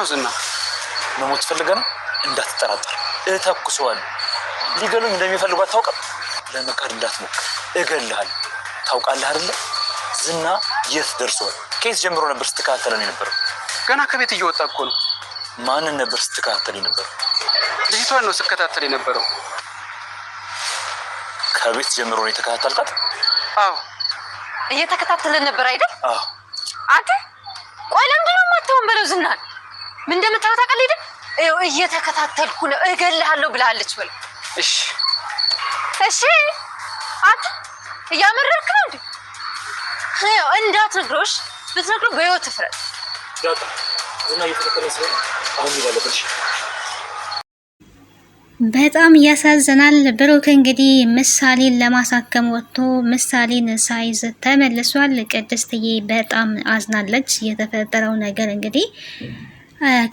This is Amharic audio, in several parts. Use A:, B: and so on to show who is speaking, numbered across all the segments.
A: ነው ዝና።
B: መሞት ፈልገ ነው እንዳትጠራጠር። እተኩሰዋል። ሊገሉኝ እንደሚፈልጉ አታውቅም። ለመካድ እንዳትሞክር፣ እገልሃል። ታውቃለህ አይደለ? ዝና የት ደርሰዋል ከየት ጀምሮ ነበር ስትከታተለን የነበረው?
A: ገና ከቤት እየወጣ እኮ ነው።
B: ማንን ነበር ስትከታተል የነበረው?
A: ልጅቷን ነው ስከታተል የነበረው።
B: ከቤት ጀምሮ ነው የተከታተልካት?
A: አዎ፣
C: እየተከታተልን ነበር አይደል? አዎ። አንተ ቆይ ለምንድን ነው በለው ዝናል ምን እንደምታወጣ ቀልድ እየተከታተልኩ ነው። እገልሃለሁ ብላለች በለው። እሺ እሺ፣ አንተ እያመረርክ ነው እንዴ? እንዳትነግሮሽ፣ ብትነግረው በህይወት ፍረት
D: በጣም ያሳዝናል። ብሩክ እንግዲህ ምሳሌን ለማሳከም ወጥቶ ምሳሌን ሳይዝ ተመልሷል። ቅድስትዬ በጣም አዝናለች። የተፈጠረው ነገር እንግዲህ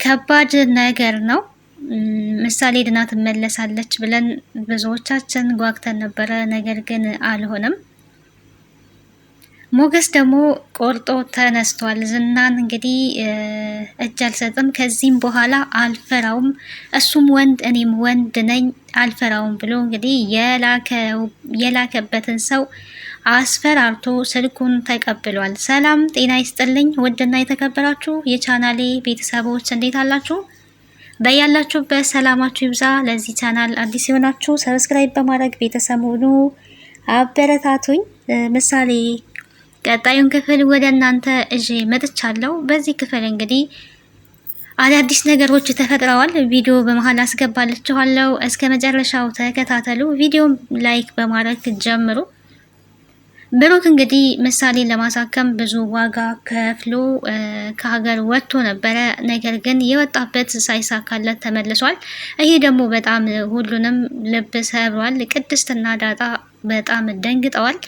D: ከባድ ነገር ነው። ምሳሌ ድና ትመለሳለች ብለን ብዙዎቻችን ጓግተን ነበረ። ነገር ግን አልሆነም። ሞገስ ደግሞ ቆርጦ ተነስቷል። ዝናን እንግዲህ እጅ አልሰጥም፣ ከዚህም በኋላ አልፈራውም፣ እሱም ወንድ እኔም ወንድ ነኝ፣ አልፈራውም ብሎ እንግዲህ የላከበትን ሰው አስፈራርቶ ስልኩን ተቀብሏል። ሰላም ጤና ይስጥልኝ ውድና የተከበራችሁ የቻናሌ ቤተሰቦች እንዴት አላችሁ? በያላችሁበት ሰላማችሁ ይብዛ። ለዚህ ቻናል አዲስ የሆናችሁ ሰብስክራይብ በማድረግ ቤተሰብ ሁኑ፣ አበረታቱኝ። ምሳሌ ቀጣዩን ክፍል ወደ እናንተ እዤ መጥቻለሁ። በዚህ ክፍል እንግዲህ አዳዲስ ነገሮች ተፈጥረዋል። ቪዲዮ በመሀል አስገባላችኋለሁ። እስከ መጨረሻው ተከታተሉ። ቪዲዮም ላይክ በማድረግ ጀምሩ። ብሩክ እንግዲህ ምሳሌን ለማሳከም ብዙ ዋጋ ከፍሎ ከሀገር ወጥቶ ነበረ። ነገር ግን የወጣበት ሳይሳካለት ተመልሷል። ይሄ ደግሞ በጣም ሁሉንም ልብ ሰብሯል። ቅድስትና ዳጣ በጣም ደንግጠዋል።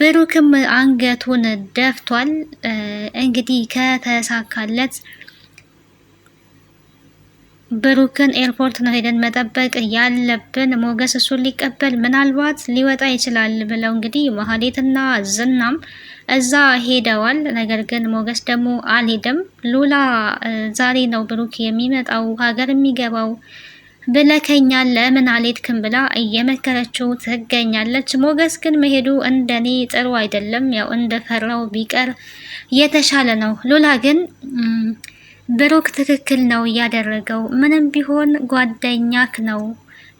D: ብሩክም አንገቱን ደፍቷል። እንግዲህ ከተሳካለት ብሩክን ኤርፖርት ነው ሄደን መጠበቅ ያለብን። ሞገስ እሱን ሊቀበል ምናልባት ሊወጣ ይችላል ብለው እንግዲህ መሀሌትና ዝናም እዛ ሄደዋል። ነገር ግን ሞገስ ደግሞ አልሄደም። ሉላ ዛሬ ነው ብሩክ የሚመጣው ሀገር የሚገባው ብለከኛ ለምን አልሄድክም ብላ እየመከረችው ትገኛለች። ሞገስ ግን መሄዱ እንደኔ ጥሩ አይደለም፣ ያው እንደፈራው ቢቀር የተሻለ ነው። ሉላ ግን ብሩክ ትክክል ነው እያደረገው። ምንም ቢሆን ጓደኛክ ነው።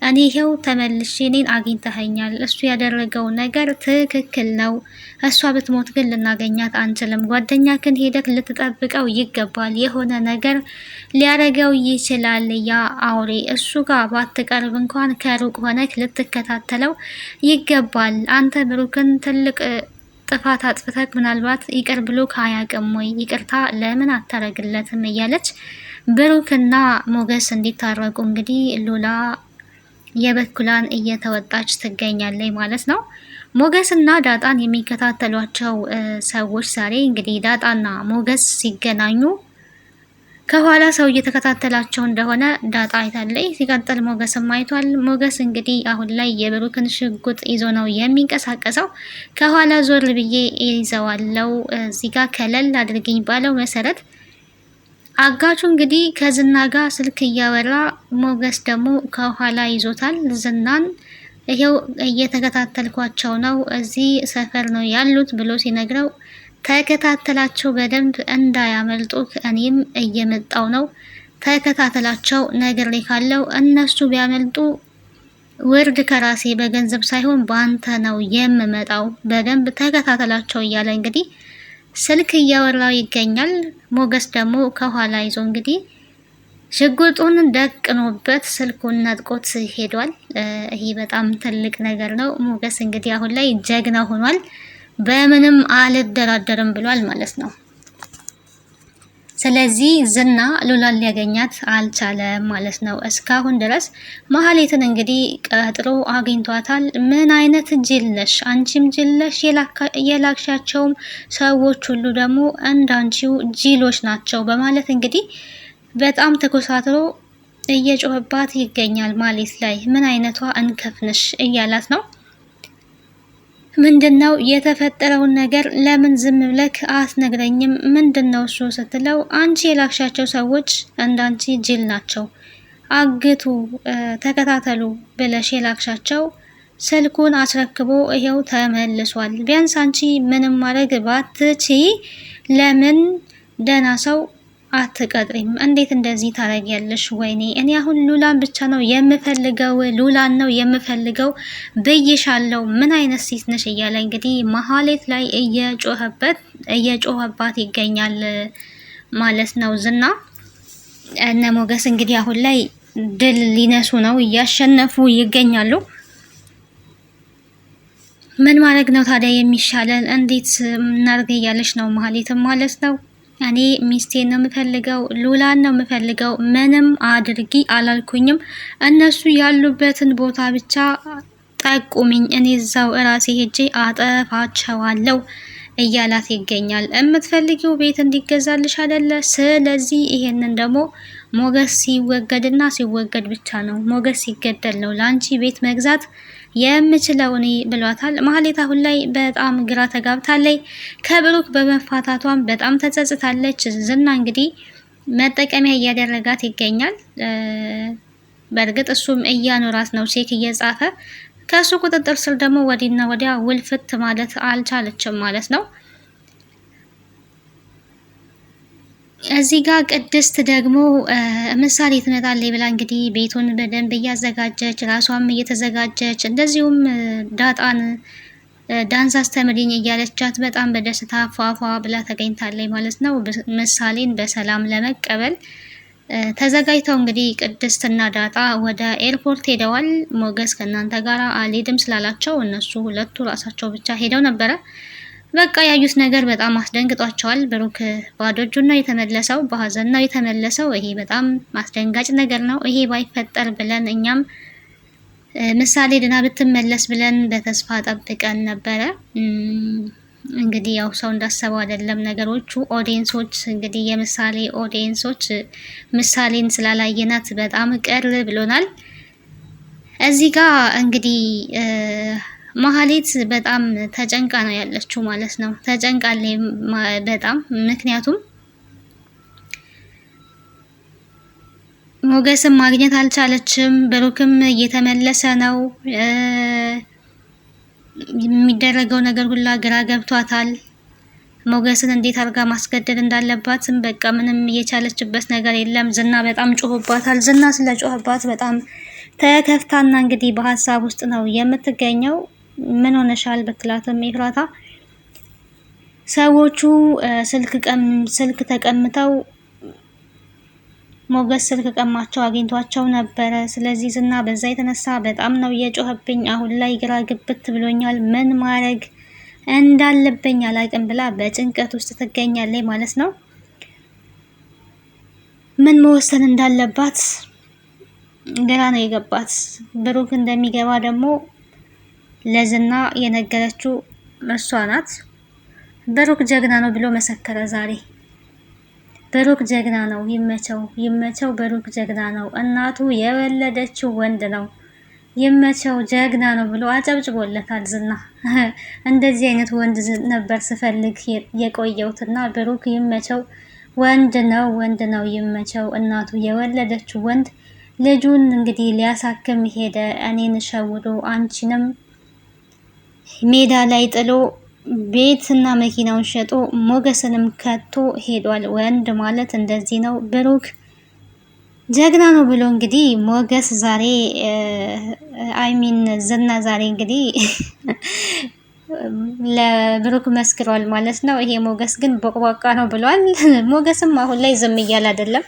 D: እኔ ይሄው ተመልሼ እኔን አግኝተኸኛል። እሱ ያደረገው ነገር ትክክል ነው። እሷ ብትሞት ግን ልናገኛት አንችልም። ጓደኛክን ሄደክ ልትጠብቀው ይገባል። የሆነ ነገር ሊያደርገው ይችላል። ያ አውሬ እሱ ጋር ባትቀርብ እንኳን ከሩቅ ሆነክ ልትከታተለው ይገባል። አንተ ብሩክን ትልቅ ጥፋት አጥፍተህ ምናልባት ይቅር ብሎ ካያቅም ወይ ይቅርታ ለምን አታረግለትም እያለች ብሩክና ሞገስ እንዲታረቁ እንግዲህ ሉላ የበኩላን እየተወጣች ትገኛለች ማለት ነው። ሞገስና ዳጣን የሚከታተሏቸው ሰዎች ዛሬ እንግዲህ ዳጣና ሞገስ ሲገናኙ ከኋላ ሰው እየተከታተላቸው እንደሆነ ዳጣ አይታለ። ሲቀጥል ሞገስም አይቷል። ሞገስ እንግዲህ አሁን ላይ የብሩክን ሽጉጥ ይዞ ነው የሚንቀሳቀሰው። ከኋላ ዞር ብዬ ይዘዋለው እዚህ ጋ ከለል አድርገኝ ባለው መሰረት አጋቹ እንግዲህ ከዝና ጋር ስልክ እያወራ ሞገስ ደግሞ ከኋላ ይዞታል። ዝናን ይሄው እየተከታተልኳቸው ነው እዚህ ሰፈር ነው ያሉት ብሎ ሲነግረው ተከታተላቸው በደንብ እንዳያመልጡክ። እኔም እየመጣው ነው። ተከታተላቸው ነገር ላይ ካለው እነሱ ቢያመልጡ ውርድ ከራሴ በገንዘብ ሳይሆን በአንተ ነው የምመጣው። በደንብ ተከታተላቸው እያለ እንግዲህ ስልክ እያወራው ይገኛል። ሞገስ ደግሞ ከኋላ ይዞ እንግዲህ ሽጉጡን ደቅኖበት ስልኩን ነጥቆት ሄዷል። ይሄ በጣም ትልቅ ነገር ነው። ሞገስ እንግዲህ አሁን ላይ ጀግና ሆኗል። በምንም አልደራደርም ብሏል ማለት ነው። ስለዚህ ዝና ሉላን ሊያገኛት አልቻለም ማለት ነው። እስካሁን ድረስ መሀሌትን እንግዲህ ቀጥሮ አግኝቷታል። ምን አይነት ጅል ነሽ አንቺም ጅል ነሽ፣ የላክሻቸውም ሰዎች ሁሉ ደግሞ እንዳንቺው ጅሎች ናቸው በማለት እንግዲህ በጣም ተኮሳትሮ እየጮህባት ይገኛል። ማሌት ላይ ምን አይነቷ እንከፍንሽ እያላት ነው። ምንድን ነው የተፈጠረውን ነገር ለምን ዝም ብለክ አትነግረኝም? ምንድን ነው እሱ ስትለው አንቺ የላክሻቸው ሰዎች እንዳንቺ ጅል ናቸው፣ አግቱ፣ ተከታተሉ ብለሽ የላክሻቸው ስልኩን አስረክቦ ይሄው ተመልሷል። ቢያንስ አንቺ ምንም ማድረግ ባትቺ ለምን ደህና ሰው አትቀጥሪም? እንዴት እንደዚህ ታደርጊያለሽ? ወይኔ እኔ አሁን ሉላን ብቻ ነው የምፈልገው፣ ሉላን ነው የምፈልገው ብይሻለው። ምን አይነት ሴት ነሽ እያለ እንግዲህ መሀሌት ላይ እየጮኸበት እየጮኸባት ይገኛል ማለት ነው ዝና። እነ ሞገስ እንግዲህ አሁን ላይ ድል ሊነሱ ነው፣ እያሸነፉ ይገኛሉ። ምን ማድረግ ነው ታዲያ የሚሻለን? እንዴት እናድርግ እያለች ነው መሀሌትም ማለት ነው እኔ ሚስቴን ነው የምፈልገው፣ ሉላን ነው የምፈልገው። ምንም አድርጊ አላልኩኝም። እነሱ ያሉበትን ቦታ ብቻ ጠቁሚኝ፣ እኔ እዛው እራሴ ሄጄ አጠፋቸዋለሁ እያላት ይገኛል። የምትፈልጊው ቤት እንዲገዛልሽ አይደለ? ስለዚህ ይሄንን ደግሞ ሞገስ ሲወገድና ሲወገድ ብቻ ነው ሞገስ ሲገደል ነው ለአንቺ ቤት መግዛት የምችለውን ብሏታል። ማህሌት አሁን ላይ በጣም ግራ ተጋብታለች። ከብሩክ በመፋታቷም በጣም ተጸጽታለች። ዝና እንግዲህ መጠቀሚያ እያደረጋት ይገኛል። በእርግጥ እሱም እያኖራት ነው ቼክ እየጻፈ ከእሱ ቁጥጥር ስር ደግሞ ወዲና ወዲያ ውልፍት ማለት አልቻለችም ማለት ነው። እዚህ ጋር ቅድስት ደግሞ ምሳሌ ትመጣለች ብላ እንግዲህ ቤቱን በደንብ እያዘጋጀች ራሷም እየተዘጋጀች እንደዚሁም ዳጣን ዳንስ አስተምሪኝ እያለቻት በጣም በደስታ ፏፏ ብላ ተገኝታለች ማለት ነው። ምሳሌን በሰላም ለመቀበል ተዘጋጅተው እንግዲህ ቅድስትና ዳጣ ወደ ኤርፖርት ሄደዋል። ሞገስ ከእናንተ ጋር አልሄድም ስላላቸው እነሱ ሁለቱ ራሳቸው ብቻ ሄደው ነበረ። በቃ ያዩት ነገር በጣም አስደንግጧቸዋል። ብሩክ ባዶ እጁን ነው የተመለሰው፣ በሀዘን ነው የተመለሰው። ይሄ በጣም አስደንጋጭ ነገር ነው። ይሄ ባይፈጠር ብለን እኛም ምሳሌ ድና ብትመለስ ብለን በተስፋ ጠብቀን ነበረ። እንግዲህ ያው ሰው እንዳሰበው አይደለም ነገሮቹ። ኦዲየንሶች እንግዲህ የምሳሌ ኦዲየንሶች ምሳሌን ስላላየናት በጣም ቅር ብሎናል። እዚህ ጋር እንግዲህ መሀሌት በጣም ተጨንቃ ነው ያለችው ማለት ነው። ተጨንቃለች በጣም ምክንያቱም ሞገስም ማግኘት አልቻለችም። ብሩክም እየተመለሰ ነው። የሚደረገው ነገር ሁላ ግራ ገብቷታል። ሞገስን እንዴት አድርጋ ማስገደድ እንዳለባትም በቃ ምንም እየቻለችበት ነገር የለም። ዝና በጣም ጮህባታል። ዝና ስለ ጮህባት በጣም ተከፍታና እንግዲህ በሀሳብ ውስጥ ነው የምትገኘው። ምን ሆነሻል ብትላትም ኤፍራታ ሰዎቹ ስልክ ቀም ስልክ ተቀምተው ሞገስ ስልክ ቀማቸው አግኝቷቸው ነበረ። ስለዚህ ዝና በዛ የተነሳ በጣም ነው የጮኸብኝ። አሁን ላይ ግራ ግብት ብሎኛል። ምን ማድረግ እንዳለብኝ አላቅም ብላ በጭንቀት ውስጥ ትገኛለች ማለት ነው። ምን መወሰን እንዳለባት ግራ ነው የገባት። ብሩክ እንደሚገባ ደግሞ ለዝና የነገረችው እሷ ናት። ብሩክ ጀግና ነው ብሎ መሰከረ ዛሬ። ብሩክ ጀግና ነው፣ ይመቸው ይመቸው። ብሩክ ጀግና ነው፣ እናቱ የወለደችው ወንድ ነው፣ ይመቸው ጀግና ነው ብሎ አጨብጭቦለታል ዝና። እንደዚህ አይነት ወንድ ነበር ስፈልግ የቆየሁትና ብሩክ ይመቸው፣ ወንድ ነው፣ ወንድ ነው፣ ይመቸው። እናቱ የወለደችው ወንድ ልጁን እንግዲህ ሊያሳክም ሄደ እኔን ሸውዶ አንቺንም ሜዳ ላይ ጥሎ ቤትና መኪናውን ሸጦ ሞገስንም ከቶ ሄዷል። ወንድ ማለት እንደዚህ ነው። ብሩክ ጀግና ነው ብሎ እንግዲህ ሞገስ ዛሬ አይሚን ዝና ዛሬ እንግዲህ ለብሩክ መስክሯል ማለት ነው። ይሄ ሞገስ ግን ቦቅቧቃ ነው ብሏል። ሞገስም አሁን ላይ ዝም እያል አይደለም፣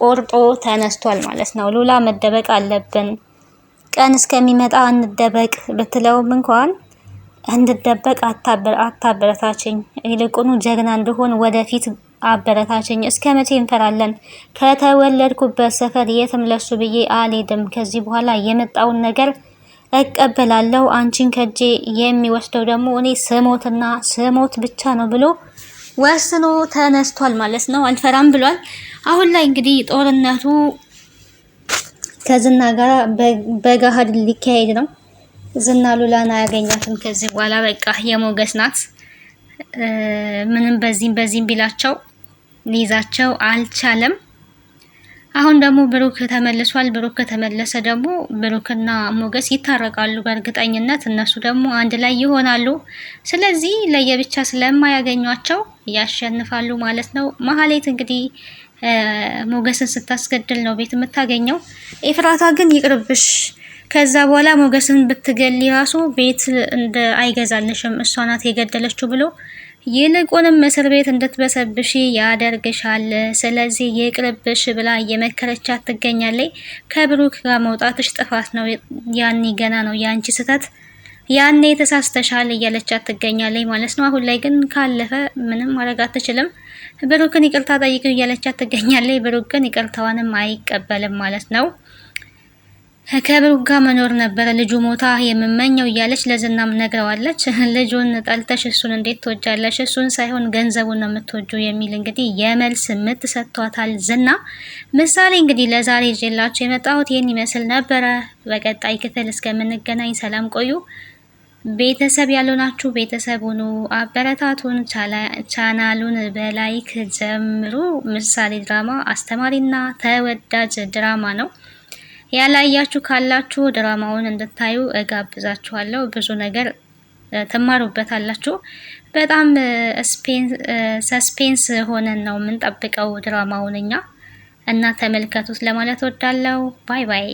D: ቆርጦ ተነስቷል ማለት ነው። ሉላ መደበቅ አለብን፣ ቀን እስከሚመጣ እንደበቅ ብትለውም እንኳን እንድደበቅ አታበረታችኝ፣ ይልቁኑ ጀግና እንደሆን ወደፊት አበረታችኝ። እስከ መቼ እንፈራለን? ከተወለድኩበት ሰፈር የትም ለሱ ብዬ አልሄድም። ከዚህ በኋላ የመጣውን ነገር እቀበላለሁ። አንቺን ከጄ የሚወስደው ደግሞ እኔ ስሞትና ስሞት ብቻ ነው ብሎ ወስኖ ተነስቷል ማለት ነው። አልፈራም ብሏል። አሁን ላይ እንግዲህ ጦርነቱ ከዝና ጋር በገሃድ ሊካሄድ ነው። ዝና ሉላን አያገኛትም ከዚህ በኋላ በቃ የሞገስ ናት። ምንም በዚህም በዚህም ቢላቸው ሊይዛቸው አልቻለም። አሁን ደግሞ ብሩክ ተመልሷል። ብሩክ ከተመለሰ ደግሞ ብሩክና ሞገስ ይታረቃሉ በእርግጠኝነት እነሱ ደግሞ አንድ ላይ ይሆናሉ። ስለዚህ ለየብቻ ስለማያገኟቸው ያሸንፋሉ ማለት ነው። መሀሌት እንግዲህ ሞገስን ስታስገድል ነው ቤት የምታገኘው። ኤፍራታ ግን ይቅርብሽ ከዛ በኋላ ሞገስን ብትገል ራሱ ቤት እንደ አይገዛልሽም እሷ ናት የገደለችው ብሎ ይልቁንም እስር ቤት እንድትበሰብሽ ያደርግሻል፣ ስለዚህ ይቅርብሽ ብላ እየመከረቻት ትገኛለች። ከብሩክ ጋር መውጣትሽ ጥፋት ነው፣ ያኔ ገና ነው የአንቺ ስህተት፣ ያኔ ተሳስተሻል እያለቻት ትገኛለች ማለት ነው። አሁን ላይ ግን ካለፈ ምንም ማድረግ አትችልም። ብሩክን ይቅርታ ጠይቅ እያለቻት ትገኛለች። ብሩክ ግን ይቅርታዋንም አይቀበልም ማለት ነው። ከብሩ ጋር መኖር ነበረ ልጁ ሞታ የምመኘው እያለች ለዝናም ነግረዋለች። ልጁን ጠልተሽ እሱን እንዴት ትወጃለሽ? እሱን ሳይሆን ገንዘቡን ነው የምትወጁ የሚል እንግዲህ የመልስ ምት ሰጥቷታል ዝና። ምሳሌ እንግዲህ ለዛሬ ይዤላችሁ የመጣሁት ይህን ይመስል ነበረ። በቀጣይ ክፍል እስከምንገናኝ ሰላም ቆዩ። ቤተሰብ ያልሆናችሁ ቤተሰብ ሁኑ፣ አበረታቱን። ቻናሉን በላይክ ጀምሩ። ምሳሌ ድራማ አስተማሪና ተወዳጅ ድራማ ነው። ያላያችሁ ካላችሁ ድራማውን እንድታዩ እጋብዛችኋለሁ። ብዙ ነገር ትማሩበታላችሁ። በጣም ሰስፔንስ ሆነን ነው የምንጠብቀው ድራማውን እኛ እና ተመልከቱት ለማለት ወዳለው። ባይ ባይ